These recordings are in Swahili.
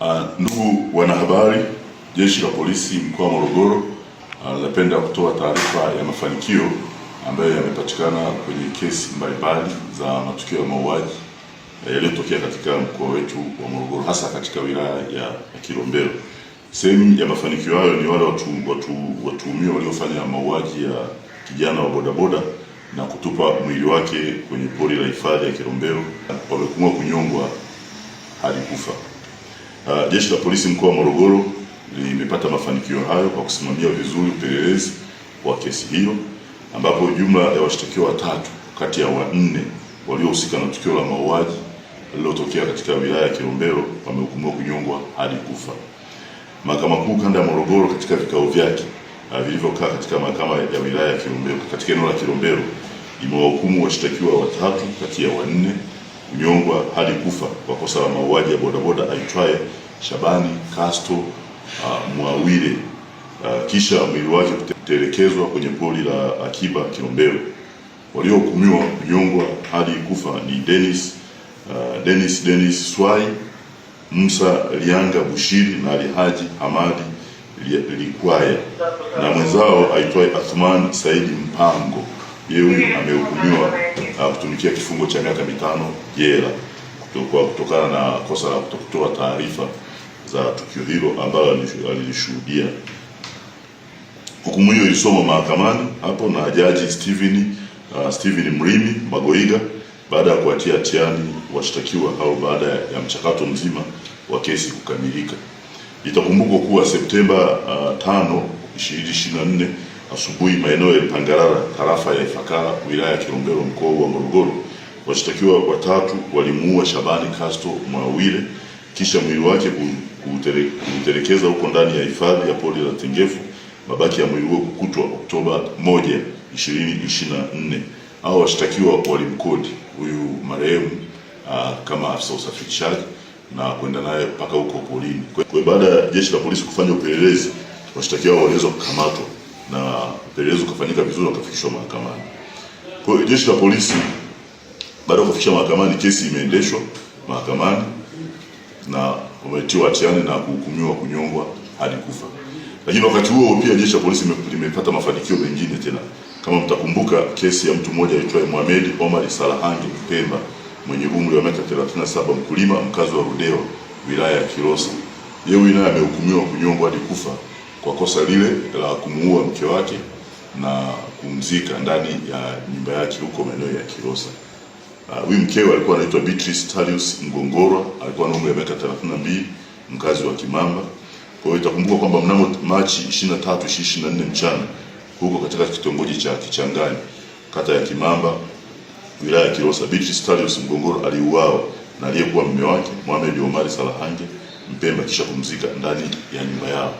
Uh, ndugu wanahabari, jeshi la polisi mkoa wa Morogoro ah, napenda uh, kutoa taarifa ya mafanikio ambayo yamepatikana kwenye kesi mbalimbali za matukio ya mauaji eh, yaliyotokea katika mkoa wetu wa Morogoro, hasa katika wilaya ya, ya Kilombero. Sehemu ya mafanikio hayo ni wale watu watu, watu waliofanya mauaji ya kijana wa bodaboda na kutupa mwili wake kwenye pori la hifadhi ya Kilombero, wamekuwa kunyongwa hadi kufa. Uh, Jeshi la Polisi mkoa wa Morogoro limepata mafanikio hayo kwa kusimamia vizuri upelelezi wa kesi hiyo, ambapo jumla ya washtakiwa watatu kati ya wanne waliohusika na tukio la mauaji lililotokea katika wilaya ya Kilombero wamehukumiwa kunyongwa hadi kufa. Mahakama Kuu Kanda ya Morogoro katika vikao vyake uh, vilivyokaa katika mahakama ya wilaya ya Kilombero katika eneo la Kilombero imewahukumu washtakiwa watatu kati ya wanne kunyongwa hadi kufa kwa kosa la mauaji ya bodaboda aitwaye Shabani Kasto uh, ah, Mwawile uh, kisha mwili wake kutelekezwa kwenye pori la akiba Kilombero. Waliohukumiwa kunyongwa hadi kufa ni Dennis uh, Dennis Dennis Swai, Musa Lianga Bushiri na alihaji Hamadi Likwaya na mwenzao aitwaye Athman Saidi Mpango. Yeye amehukumiwa na uh, kutumikia kifungo cha miaka mitano jela kutokana na kosa la kutotoa taarifa za tukio hilo ambalo alilishuhudia. Hukumu hiyo ilisomwa mahakamani hapo na Jaji Stephen uh, Stephen Mrimi Magoiga baada ya kuatia hatiani washtakiwa au baada ya mchakato mzima wa kesi kukamilika. Itakumbukwa kuwa Septemba uh, 5, 2024 asubuhi maeneo ya Pangarara, tarafa ya Ifakara, wilaya ya Kilombero, mkoa wa Morogoro, washtakiwa watatu walimuua Shabani Castro Mwawile kisha mwili wake kuutelekeza huko ndani ya hifadhi ya pori la Tengefu. Mabaki ya mwili huo kukutwa Oktoba 1, 2024. Hao washtakiwa walimkodi huyu marehemu ah, kama afisa usafirishaji na kwenda naye mpaka huko polini. Kwa baada ya jeshi la polisi kufanya upelelezi, washtakiwa waliweza kukamatwa na upelelezi ukafanyika vizuri, wakafikishwa mahakamani. Kwa hiyo jeshi la polisi baada ya kufikisha mahakamani, kesi imeendeshwa mahakamani na wametiwa hatiani na kuhukumiwa kunyongwa hadi kufa. Lakini wakati huo pia jeshi la polisi limepata mafanikio mengine tena. Kama mtakumbuka kesi ya mtu mmoja aitwaye Mohamed Omar Salahangi Mpemba mwenye umri wa miaka 37, mkulima mkazi wa Rudeo wilaya ya Kilosa, yeye naye amehukumiwa kunyongwa hadi kufa kwa kosa lile la kumuua mke wake na kumzika ndani ya nyumba yake huko maeneo ya Kilosa. Ah, huyu uh, mkewe alikuwa anaitwa Beatrice Talius Ngongoro, alikuwa na umri wa miaka 32, mkazi wa Kimamba. Kwa hiyo itakumbuka kwamba mnamo Machi 23, 24 mchana huko katika kitongoji cha Kichangani, kata ya Kimamba, wilaya ya Kilosa, Beatrice Talius Ngongoro aliuawa na aliyekuwa mume wake Mohamed Omari Salahange Mpemba, kisha kumzika ndani ya nyumba yao.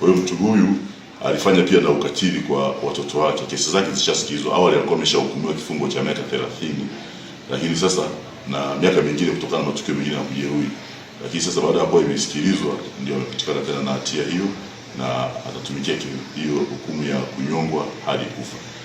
Kwa hiyo mtu huyu alifanya pia na ukatili kwa watoto wake. Kesi zake zishasikizwa, awali alikuwa ameshahukumiwa kifungo cha miaka 30, lakini sasa na miaka mingine kutokana na matukio mengine ya kujeruhi, lakini sasa baada ya kuwa imesikilizwa ndio amepatikana tena na hatia hiyo na atatumikia hiyo hukumu ya kunyongwa hadi kufa.